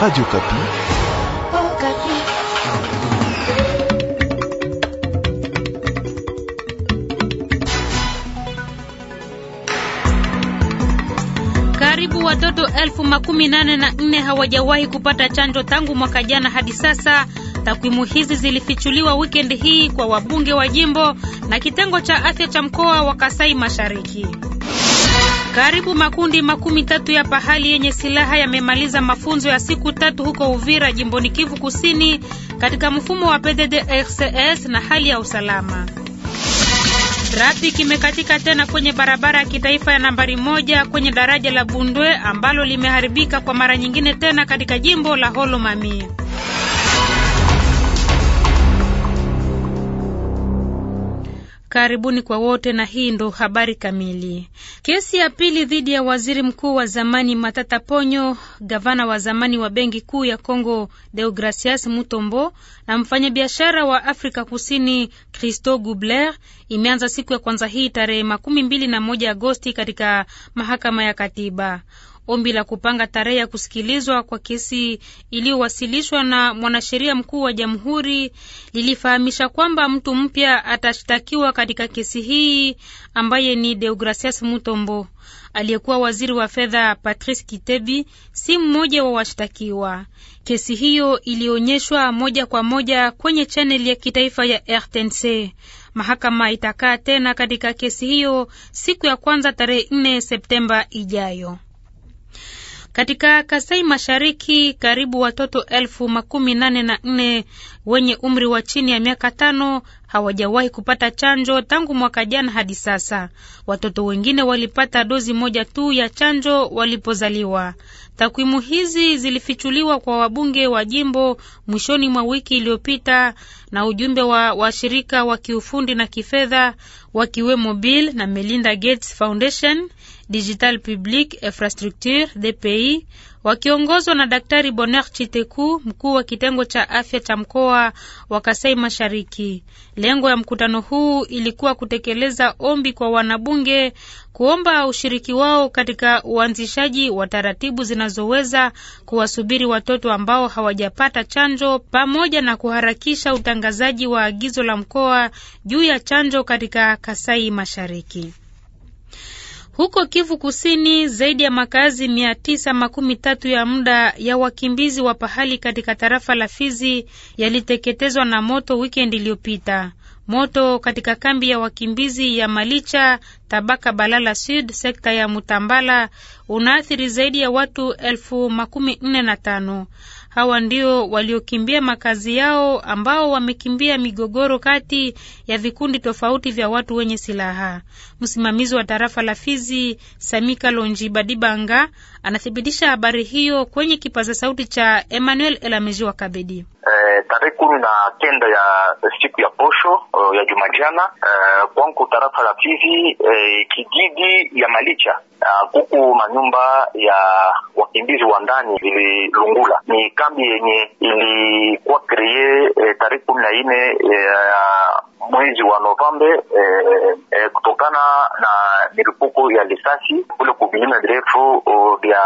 Radio Kapi. Oh, Kapi. Karibu watoto elfu makumi nane na nne hawajawahi kupata chanjo tangu mwaka jana hadi sasa. Takwimu hizi zilifichuliwa wikendi hii kwa wabunge wa jimbo na kitengo cha afya cha mkoa wa Kasai Mashariki. Karibu makundi makumi tatu ya pahali yenye silaha yamemaliza mafunzo ya siku tatu huko Uvira jimboni Kivu Kusini katika mfumo wa PDDRCS na hali ya usalama. Trafiki imekatika tena kwenye barabara ya kitaifa ya nambari moja kwenye daraja la Bundwe ambalo limeharibika kwa mara nyingine tena katika jimbo la Holo Mami. Karibuni kwa wote na hii ndo habari kamili. Kesi ya pili dhidi ya waziri mkuu wa zamani Matata Ponyo, gavana wa zamani wa benki kuu ya congo Deogracias Mutombo na mfanyabiashara wa Afrika Kusini Christo Gubler imeanza siku ya kwanza hii tarehe makumi mbili na moja Agosti katika mahakama ya katiba ombi la kupanga tarehe ya kusikilizwa kwa kesi iliyowasilishwa na mwanasheria mkuu wa jamhuri lilifahamisha kwamba mtu mpya atashtakiwa katika kesi hii ambaye ni Deogracias Mutombo. Aliyekuwa waziri wa fedha Patrice Kitebi si mmoja wa washtakiwa. Kesi hiyo ilionyeshwa moja kwa moja kwenye chaneli ya kitaifa ya RTNC. Mahakama itakaa tena katika kesi hiyo siku ya kwanza tarehe 4 Septemba ijayo. Katika Kasai Mashariki, karibu watoto elfu makumi nane na nne wenye umri wa chini ya miaka tano hawajawahi kupata chanjo tangu mwaka jana hadi sasa. Watoto wengine walipata dozi moja tu ya chanjo walipozaliwa. Takwimu hizi zilifichuliwa kwa wabunge wa jimbo mwishoni mwa wiki iliyopita na ujumbe wa washirika wa kiufundi na kifedha wakiwemo Bill na Melinda Gates Foundation Digital Public Infrastructure DPI wakiongozwa na Daktari Bonheur Chiteku, mkuu wa kitengo cha afya cha mkoa wa Kasai Mashariki. Lengo ya mkutano huu ilikuwa kutekeleza ombi kwa wanabunge kuomba ushiriki wao katika uanzishaji wa taratibu zinazoweza kuwasubiri watoto ambao hawajapata chanjo pamoja na kuharakisha utangazaji wa agizo la mkoa juu ya chanjo katika Kasai Mashariki. Huko Kivu Kusini, zaidi ya makazi mia tisa makumi tatu ya muda ya wakimbizi wa pahali katika tarafa la Fizi yaliteketezwa na moto wikendi iliyopita. Moto katika kambi ya wakimbizi ya Malicha tabaka Balala Sud sekta ya Mutambala unaathiri zaidi ya watu elfu makumi nne na tano. Hawa ndio waliokimbia makazi yao ambao wamekimbia migogoro kati ya vikundi tofauti vya watu wenye silaha. Msimamizi wa tarafa la Fizi, Samika Lonji Badibanga, anathibitisha habari hiyo kwenye kipaza sauti cha Emmanuel Elameji wa Kabedi eh, tarehe kumi na kenda ya siku ya posho uh, ya jumajana eh, kwangu tarafa la Fizi eh, kijiji ya Malicha huku eh, kuku manyumba ya wakimbizi wa ndani ililungula. Ni kambi yenye ilikuwa kreye eh, tarehe kumi na nne eh, ya eh, mwezi wa Novemba eh, eh, kutokana na milipuko ya lisasi kule kuvilima virefu oh, vya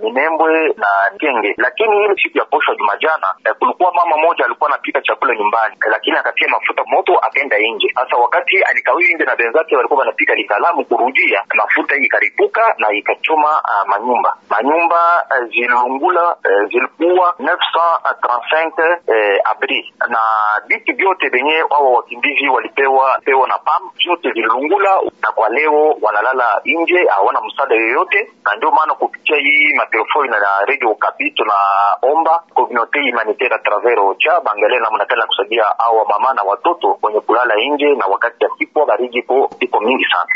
Minembwe na Kenge, lakini ile siku ya posho ya jumajana eh, kulikuwa mama moja alikuwa anapika chakula nyumbani, lakini akatia mafuta moto akaenda nje. Sasa wakati alikawii nje na benzake walikuwa wanapika likalamu, kurudia mafuta hii ikaripuka na ikachoma uh, manyumba manyumba uh, eh, zilungula uh, eh, zilikuwa 935 uh, abri na biki vyote venye wao wakimbizi walipewa pewa na PAM vyote zililungula na kwa leo wanalala nje, hawana msaada yoyote, na ndio maana kupitia hii matelefoni na redio Okapi tunaomba community humanitaire zero cha bangalia namna gani kusaidia au mama na watoto wenye kulala nje na wakati ya siku baridi ipo mingi sana.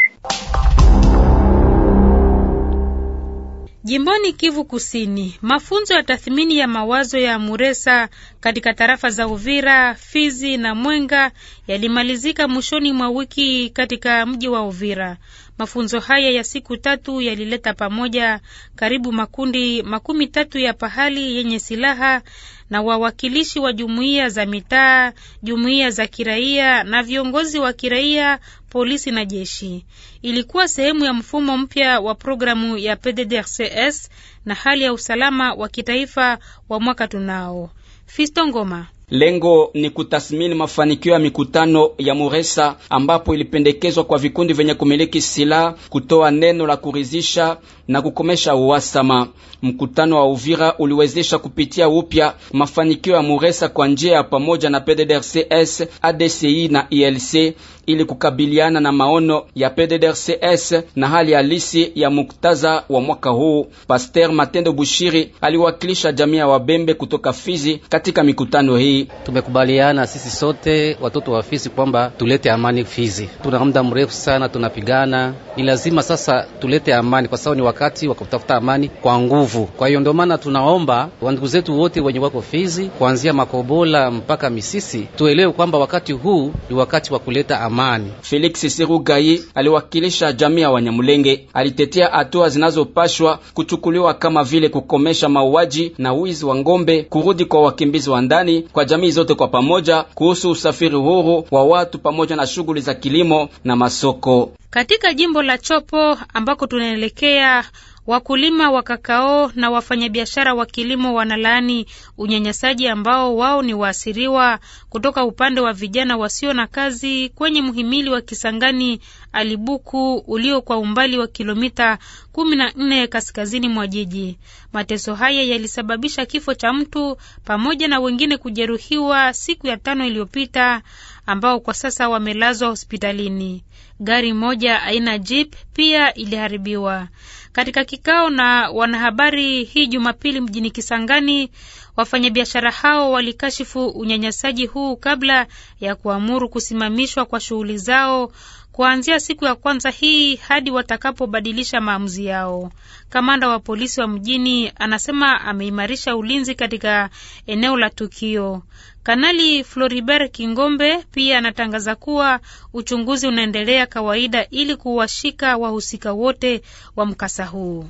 Jimboni Kivu Kusini, mafunzo ya tathmini ya mawazo ya Muresa katika tarafa za Uvira, Fizi na Mwenga yalimalizika mwishoni mwa wiki katika mji wa Uvira. Mafunzo haya ya siku tatu yalileta pamoja karibu makundi makumi tatu ya pahali yenye silaha na wawakilishi wa jumuiya za mitaa, jumuiya za kiraia na viongozi wa kiraia, polisi na jeshi. Ilikuwa sehemu ya mfumo mpya wa programu ya PDDRCS na hali ya usalama wa kitaifa wa mwaka tunao. Fisto Ngoma. Lengo ni kutathmini mafanikio ya mikutano ya Muresa ambapo ilipendekezwa kwa vikundi vyenye kumiliki silaha kutoa neno la kuridhisha na kukomesha uhasama. Mkutano wa Uvira uliwezesha kupitia upya mafanikio ya Muresa kwa njia ya pamoja na PDDRCS, ADCI na ILC ili kukabiliana na maono ya PDDRCS na hali halisi ya muktaza wa mwaka huu. Pasteur Matendo Bushiri aliwakilisha jamii ya Wabembe kutoka Fizi katika mikutano hii. Tumekubaliana sisi sote watoto wa Fizi kwamba tulete amani Fizi. Tuna muda mrefu sana tunapigana, ni lazima sasa tulete amani, kwa sababu ni wakati wa kutafuta amani kwa nguvu. Kwa hiyo ndio maana tunaomba wandugu zetu wote wenye wako Fizi, kuanzia Makobola mpaka Misisi, tuelewe kwamba wakati huu ni wakati wa kuleta amani amani. Felix Sirugayi aliwakilisha jamii ya Wanyamulenge, alitetea hatua zinazopashwa kuchukuliwa kama vile kukomesha mauaji na wizi wa ngombe, kurudi kwa wakimbizi wa ndani kwa jamii zote kwa pamoja, kuhusu usafiri huru wa watu pamoja na shughuli za kilimo na masoko katika jimbo la Chopo ambako tunaelekea. Wakulima wa kakao na wafanyabiashara wa kilimo wanalaani unyanyasaji ambao wao ni waasiriwa kutoka upande wa vijana wasio na kazi kwenye mhimili wa Kisangani Alibuku ulio kwa umbali wa kilomita 14 kaskazini mwa jiji. Mateso haya yalisababisha kifo cha mtu pamoja na wengine kujeruhiwa siku ya tano iliyopita ambao kwa sasa wamelazwa hospitalini. Gari moja aina jeep pia iliharibiwa. Katika kikao na wanahabari hii Jumapili mjini Kisangani, wafanyabiashara hao walikashifu unyanyasaji huu kabla ya kuamuru kusimamishwa kwa shughuli zao kuanzia siku ya kwanza hii hadi watakapobadilisha maamuzi yao. Kamanda wa polisi wa mjini anasema ameimarisha ulinzi katika eneo la tukio. Kanali Floribert Kingombe pia anatangaza kuwa uchunguzi unaendelea kawaida ili kuwashika wahusika wote wa mkasa huu.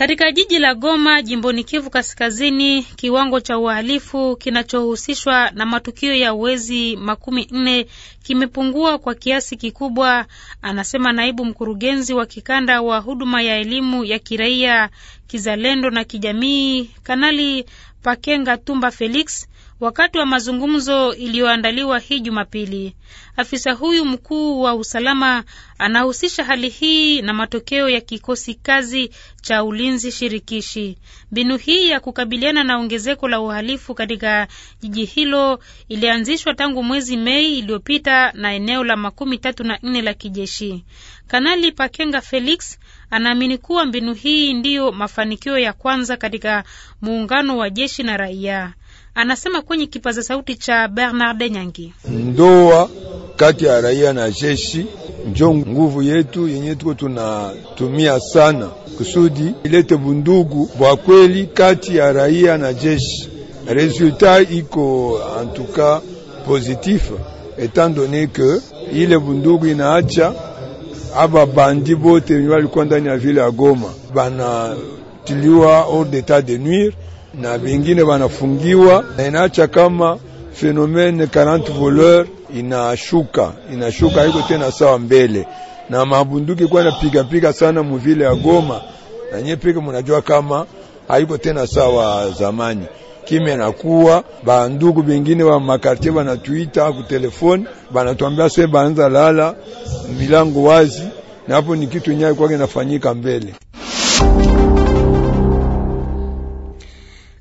Katika jiji la Goma jimboni Kivu Kaskazini, kiwango cha uhalifu kinachohusishwa na matukio ya uwezi makumi nne kimepungua kwa kiasi kikubwa, anasema naibu mkurugenzi wa kikanda wa huduma ya elimu ya kiraia, kizalendo na kijamii, Kanali Pakenga Tumba Felix wakati wa mazungumzo iliyoandaliwa hii Jumapili. Afisa huyu mkuu wa usalama anahusisha hali hii na matokeo ya kikosi kazi cha ulinzi shirikishi. Mbinu hii ya kukabiliana na ongezeko la uhalifu katika jiji hilo ilianzishwa tangu mwezi Mei iliyopita na eneo la makumi tatu na nne la kijeshi. Kanali Pakenga Felix anaamini kuwa mbinu hii ndiyo mafanikio ya kwanza katika muungano wa jeshi na raia anasema kwenye kipaza sauti cha Bernard Nyangi. Ndoa kati ya raia na jeshi njo nguvu yetu yenye tuko tunatumia sana kusudi ilete bundugu bwa kweli kati ya raia na jeshi. Resultat iko en tout cas positif etant donne que ile bundugu inaacha aba bandi bote wenye walikuwa ndani ya vile ya Goma banatiliwa hors d'etat de nuire na vingine wanafungiwa, na inaacha kama fenomene 40 voleur inashuka inashuka, haiko tena sawa mbele, na mabunduki kwa piga sana muvile ya Goma na nye peke, munajua kama haiko tena sawa zamani. Kimya nakuwa bandugu bengine wa makartie banatuita ku telefoni, banatuambia se banza lala milango wazi, na hapo ni kitu nyayo kwake nafanyika mbele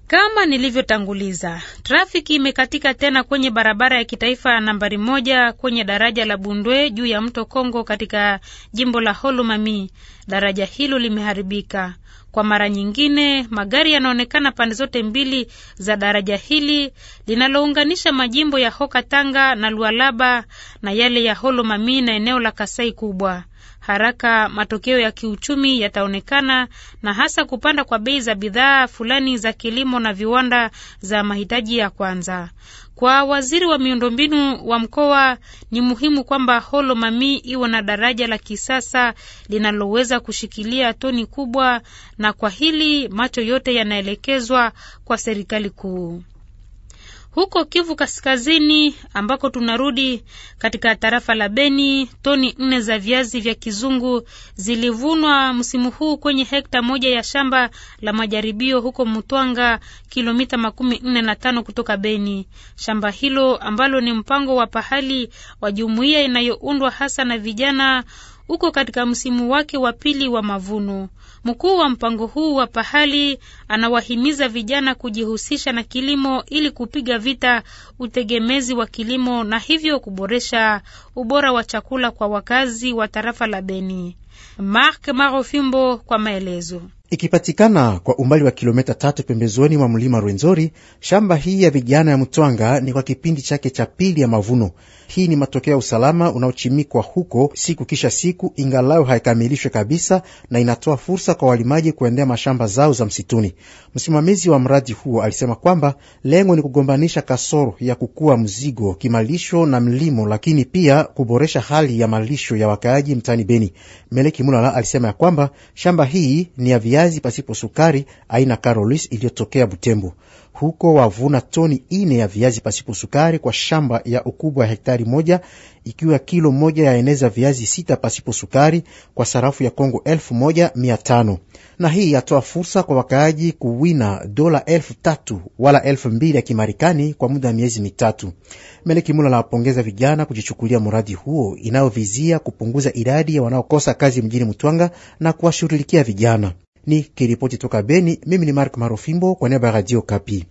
Kama nilivyotanguliza, trafiki imekatika tena kwenye barabara ya kitaifa nambari moja kwenye daraja la Bundwe juu ya mto Kongo katika jimbo la Holomami. Daraja hilo limeharibika kwa mara nyingine. Magari yanaonekana pande zote mbili za daraja hili linalounganisha majimbo ya Hoka Tanga na Lualaba na yale ya Holomami na eneo la Kasai Kubwa haraka matokeo ya kiuchumi yataonekana na hasa kupanda kwa bei za bidhaa fulani za kilimo na viwanda za mahitaji ya kwanza. Kwa waziri wa miundombinu wa mkoa ni muhimu kwamba Holo Mami iwe na daraja la kisasa linaloweza kushikilia toni kubwa, na kwa hili macho yote yanaelekezwa kwa serikali kuu. Huko Kivu Kaskazini ambako tunarudi katika tarafa la Beni, toni nne za viazi vya kizungu zilivunwa msimu huu kwenye hekta moja ya shamba la majaribio huko Mutwanga, kilomita makumi nne na tano kutoka Beni. Shamba hilo ambalo ni mpango wa pahali wa jumuiya inayoundwa hasa na vijana uko katika msimu wake wa pili wa mavuno. Mkuu wa mpango huu wa pahali anawahimiza vijana kujihusisha na kilimo ili kupiga vita utegemezi wa kilimo na hivyo kuboresha ubora wa chakula kwa wakazi wa tarafa la Beni. Mark Marofimbo kwa maelezo. Ikipatikana kwa umbali wa kilomita tatu pembezoni mwa mlima Rwenzori, shamba hii ya vijana ya Mtwanga ni kwa kipindi chake cha pili ya mavuno. Hii ni matokeo ya usalama unaochimikwa huko siku kisha siku, ingalau haikamilishwe kabisa, na inatoa fursa kwa walimaji kuendea mashamba zao za msituni. Msimamizi wa mradi huo alisema kwamba lengo ni kugombanisha kasoro ya kukua mzigo kimalisho na mlimo, lakini pia kuboresha hali ya malisho ya wakaaji mtaani Beni. Meleki Mulala alisema ya kwamba shamba hii ni ya viazi pasipo sukari aina Carolis iliyotokea Butembo. Huko wavuna toni ine ya viazi pasipo sukari kwa shamba ya ukubwa ya hektari moja, ikiwa kilo moja yaeneza viazi sita pasipo sukari kwa sarafu ya Kongo elfu moja mia tano na hii yatoa fursa kwa wakaaji kuwina dola elfu tatu wala elfu mbili ya Kimarekani kwa muda wa miezi mitatu. Meleki Mula anawapongeza vijana kujichukulia mradi huo inayovizia kupunguza idadi ya wanaokosa kazi mjini Mtwanga na kuwashughulikia vijana. Ni kiripoti toka Beni. Mimi ni Mark Marofimbo kwa niaba ya Radio Kapi.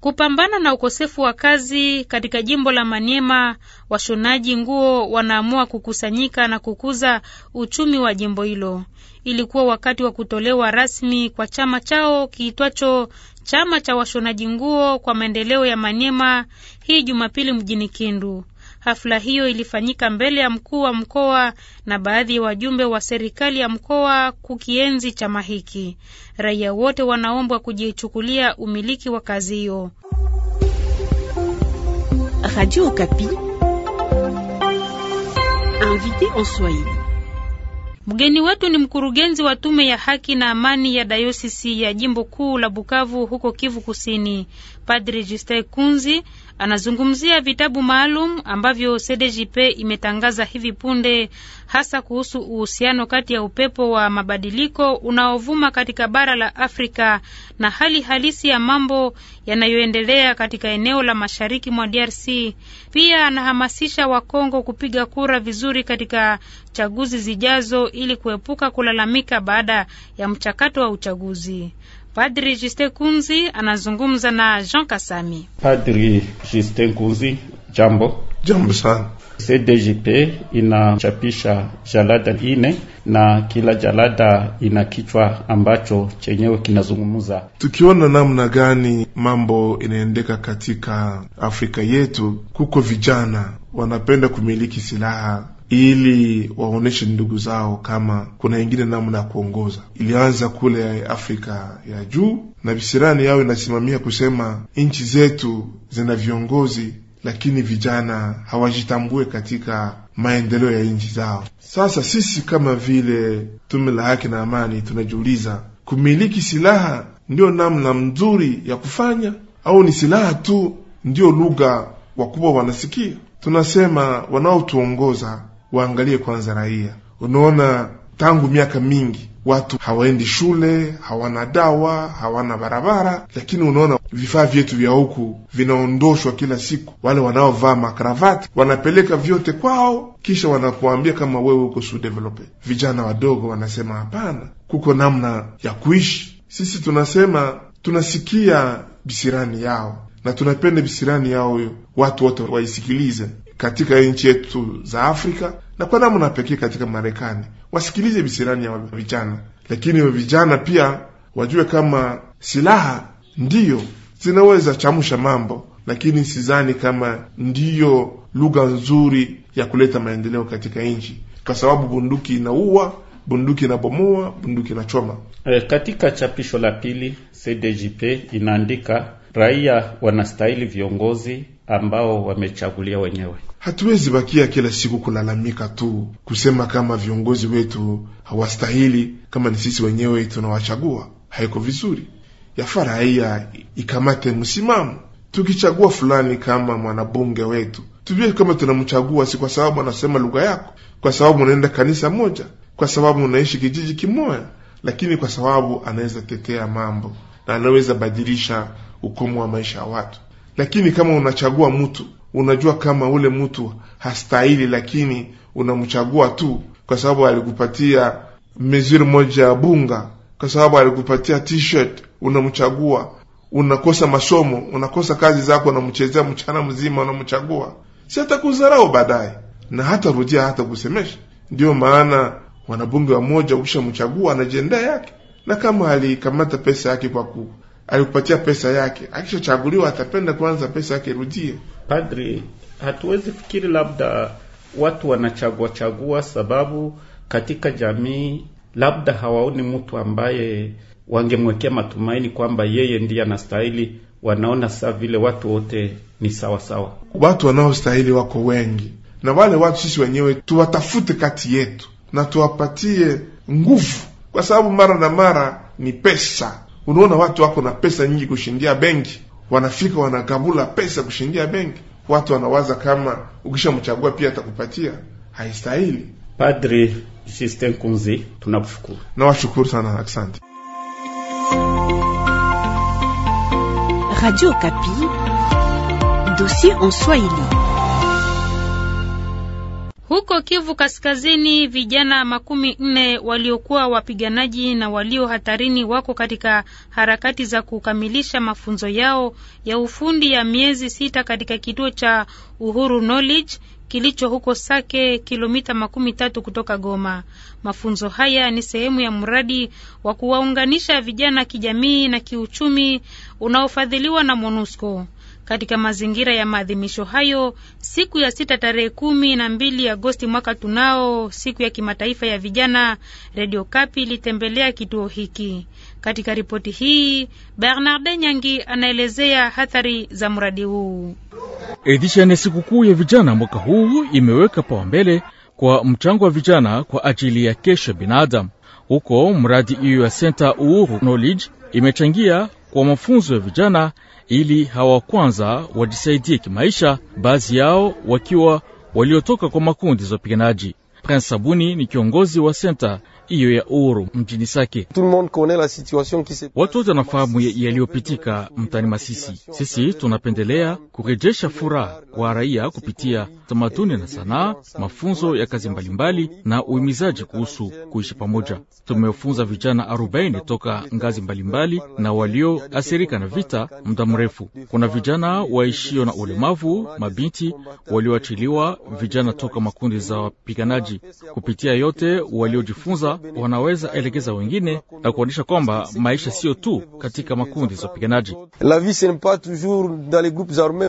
Kupambana na ukosefu wa kazi katika jimbo la Maniema, washonaji nguo wanaamua kukusanyika na kukuza uchumi wa jimbo hilo. Ilikuwa wakati wa kutolewa rasmi kwa chama chao kiitwacho Chama cha Washonaji Nguo kwa Maendeleo ya Maniema hii Jumapili mjini Kindu. Hafla hiyo ilifanyika mbele ya mkuu wa mkoa na baadhi ya wajumbe wa serikali ya mkoa kukienzi chama hiki. Raia wote wanaombwa kujichukulia umiliki wa kazi hiyo. Mgeni wetu ni mkurugenzi wa tume ya haki na amani ya dayosisi ya jimbo kuu la Bukavu huko Kivu Kusini, Padri Justin Kunzi Anazungumzia vitabu maalum ambavyo CDJP imetangaza hivi punde, hasa kuhusu uhusiano kati ya upepo wa mabadiliko unaovuma katika bara la Afrika na hali halisi ya mambo yanayoendelea katika eneo la mashariki mwa DRC. Pia anahamasisha Wakongo kupiga kura vizuri katika chaguzi zijazo ili kuepuka kulalamika baada ya mchakato wa uchaguzi. Padri Justin Kunzi anazungumza na Jean Kasami. Padri Justin Kunzi, jambo. Jambo sana. CDJP inachapisha jalada ine na kila jalada ina kichwa ambacho chenyewe kinazungumza, tukiona namna gani mambo inaendeka katika Afrika yetu. Kuko vijana wanapenda kumiliki silaha ili waonyeshe ndugu zao kama kuna ingine namna ya kuongoza. Ilianza kule Afrika ya juu, na visirani yao inasimamia kusema nchi zetu zina viongozi, lakini vijana hawajitambue katika maendeleo ya nchi zao. Sasa sisi kama vile tume la haki na amani tunajiuliza, kumiliki silaha ndiyo namna mzuri ya kufanya au ni silaha tu ndiyo lugha wakubwa wanasikia? Tunasema wanaotuongoza waangalie kwanza raia. Unaona, tangu miaka mingi watu hawaendi shule, hawana dawa, hawana barabara, lakini unaona vifaa vyetu vya huku vinaondoshwa kila siku. Wale wanaovaa makaravati wanapeleka vyote kwao, kisha wanakuambia kama wewe uko sudevelope Vijana wadogo wanasema hapana, kuko namna ya kuishi. Sisi tunasema tunasikia bisirani yao na tunapenda bisirani yao, huyo watu wote waisikilize katika nchi yetu za Afrika na kwa namna pekee katika Marekani, wasikilize visirani ya vijana, lakini vijana pia wajue kama silaha ndiyo zinaweza chamsha mambo, lakini sidhani kama ndiyo lugha nzuri ya kuleta maendeleo katika nchi, kwa sababu bunduki inaua, bunduki inabomoa, bunduki inachoma. E, katika chapisho la pili CDJP inaandika Raia wanastahili viongozi ambao wamechagulia wenyewe. Hatuwezi bakia kila siku kulalamika tu, kusema kama viongozi wetu hawastahili, kama ni sisi wenyewe tunawachagua. Haiko vizuri, yafaa raia ikamate msimamo. Tukichagua fulani kama mwanabunge wetu, tujue kama tunamchagua si kwa sababu anasema lugha yako, kwa sababu unaenda kanisa moja, kwa sababu unaishi kijiji kimoya, lakini kwa sababu anaweza tetea mambo na anaweza badilisha ukomo wa maisha ya watu. Lakini kama unachagua mtu, unajua kama ule mtu hastahili, lakini unamchagua tu kwa sababu alikupatia mesure moja ya bunga, kwa sababu alikupatia t-shirt, unamchagua. Unakosa masomo, unakosa kazi zako, unamchezea mchana mzima, unamchagua, si kuzarau baadaye na hata rudia hata kusemesha. Ndiyo maana wanabunge wa moja ukishamchagua anajiendea yake, na kama alikamata pesa yake kwa alikupatia pesa yake, akishachaguliwa atapenda kwanza pesa yake irudie. Padri, hatuwezi fikiri labda watu wanachagua chagua, sababu katika jamii labda hawaoni mtu ambaye wangemwekea matumaini kwamba yeye ndiye anastahili. Wanaona saa vile watu wote ni sawasawa sawa. Watu wanaostahili wako wengi, na wale watu sisi wenyewe tuwatafute kati yetu na tuwapatie nguvu, kwa sababu mara na mara ni pesa Unaona watu wako na pesa nyingi kushindia benki, wanafika wanagambula pesa kushindia benki. Watu wanawaza kama ukishamchagua pia atakupatia, haistahili. Padri Justin Kunzi, tunakushukuru. Nawashukuru sana, asante. Radio Kapi, dossier en Swahili. Huko Kivu Kaskazini, vijana makumi nne waliokuwa wapiganaji na walio hatarini wako katika harakati za kukamilisha mafunzo yao ya ufundi ya miezi sita katika kituo cha Uhuru Knowledge kilicho huko Sake, kilomita makumi tatu kutoka Goma. Mafunzo haya ni sehemu ya mradi wa kuwaunganisha vijana kijamii na kiuchumi unaofadhiliwa na MONUSCO. Katika mazingira ya maadhimisho hayo, siku ya sita tarehe kumi na mbili Agosti mwaka tunao, siku ya kimataifa ya vijana, redio Kapi ilitembelea kituo hiki. Katika ripoti hii, Bernarde Nyangi anaelezea hathari za mradi huu. Edishani ya sikukuu ya vijana mwaka huu imeweka mbele kwa mchango wa vijana kwa ajili ya kesho ya binadamu. Huko mradi hiyo ya Center Uhuru Knowledge imechangia kwa mafunzo ya vijana ili hawa kwanza wajisaidie kimaisha, baadhi yao wakiwa waliotoka kwa makundi za wapiganaji. Prince Sabuni ni kiongozi wa senta hiyo ya Uru mjini Sake. Watu wote wanafahamu yaliyopitika mtani Masisi. Sisi tunapendelea kurejesha furaha kwa raia kupitia tamaduni na sanaa, mafunzo ya kazi mbalimbali na uhimizaji kuhusu kuishi pamoja. Tumefunza vijana arobaini toka ngazi mbalimbali na walioathirika na vita muda mrefu. Kuna vijana waishio na ulemavu, mabinti walioachiliwa, vijana toka makundi za wapiganaji. Kupitia yote waliojifunza wanaweza elekeza wengine na kuonyesha kwamba maisha siyo tu katika makundi za wapiganaji.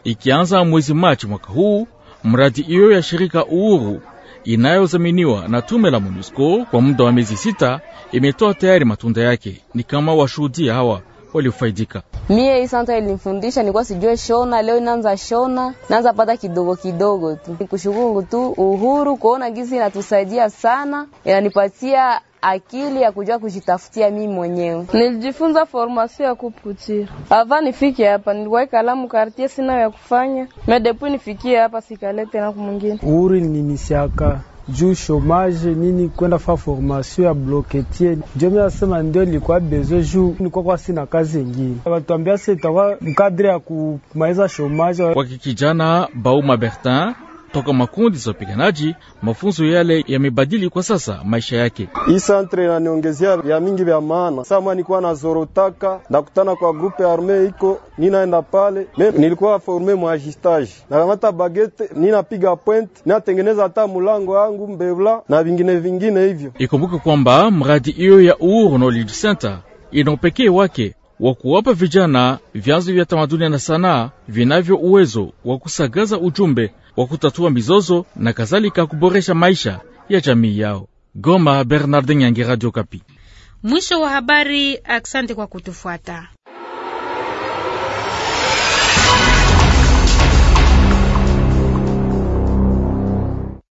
Ikianza mwezi Machi mwaka huu, mradi hiyo ya shirika uhuru inayozaminiwa na tume la MONUSCO kwa muda wa miezi sita imetoa tayari matunda yake, ni kama washuhudia hawa waliofaidika. Mie hii santa ilinifundisha, nikuwa sijue shona, leo inaanza shona, naanza pata kidogo kidogo tu. Nikushukuru tu uhuru kuona gizi inatusaidia sana, inanipatia akili ya kujua kujitafutia mimi mwenyewe. Nilijifunza formasi ya kuputira ava nifike hapa, nilikuwa kalamu kartie sina ya kufanya medepu nifikie hapa, sikale tena kumwingine uhuru ilinisiaka juu shomage nini kwenda fa formation ya bloquetier, ndio mimi nasema ndio ilikuwa besoin juu nilikuwa kwa sina kazi nyingine, watuambia sasa itakuwa mkadri ya kumaliza chomage kwa kijana Bauma Bertin toka makundi za wapiganaji. Mafunzo yale yamebadili kwa sasa maisha yake. Hii santre inaniongezea ya mingi vya maana. Sama nilikuwa na zorotaka ndakutana kwa grupe arme iko ninaenda pale me, nilikuwa forme mwa nakamata bagete ninapiga point ninatengeneza hata mulango yangu mbevla na vingine vingine hivyo. Ikumbuke kwamba mradi hiyo ya uhuru na Olid Center ina upekee wake wa kuwapa vijana vyanzo vya tamaduni na sanaa vinavyo uwezo wa kusagaza ujumbe wa kutatua mizozo na kadhalika kuboresha maisha ya jamii yao. Goma, Bernardin Yangi, Radio Kapi. Mwisho wa habari. Asante kwa kutufuata.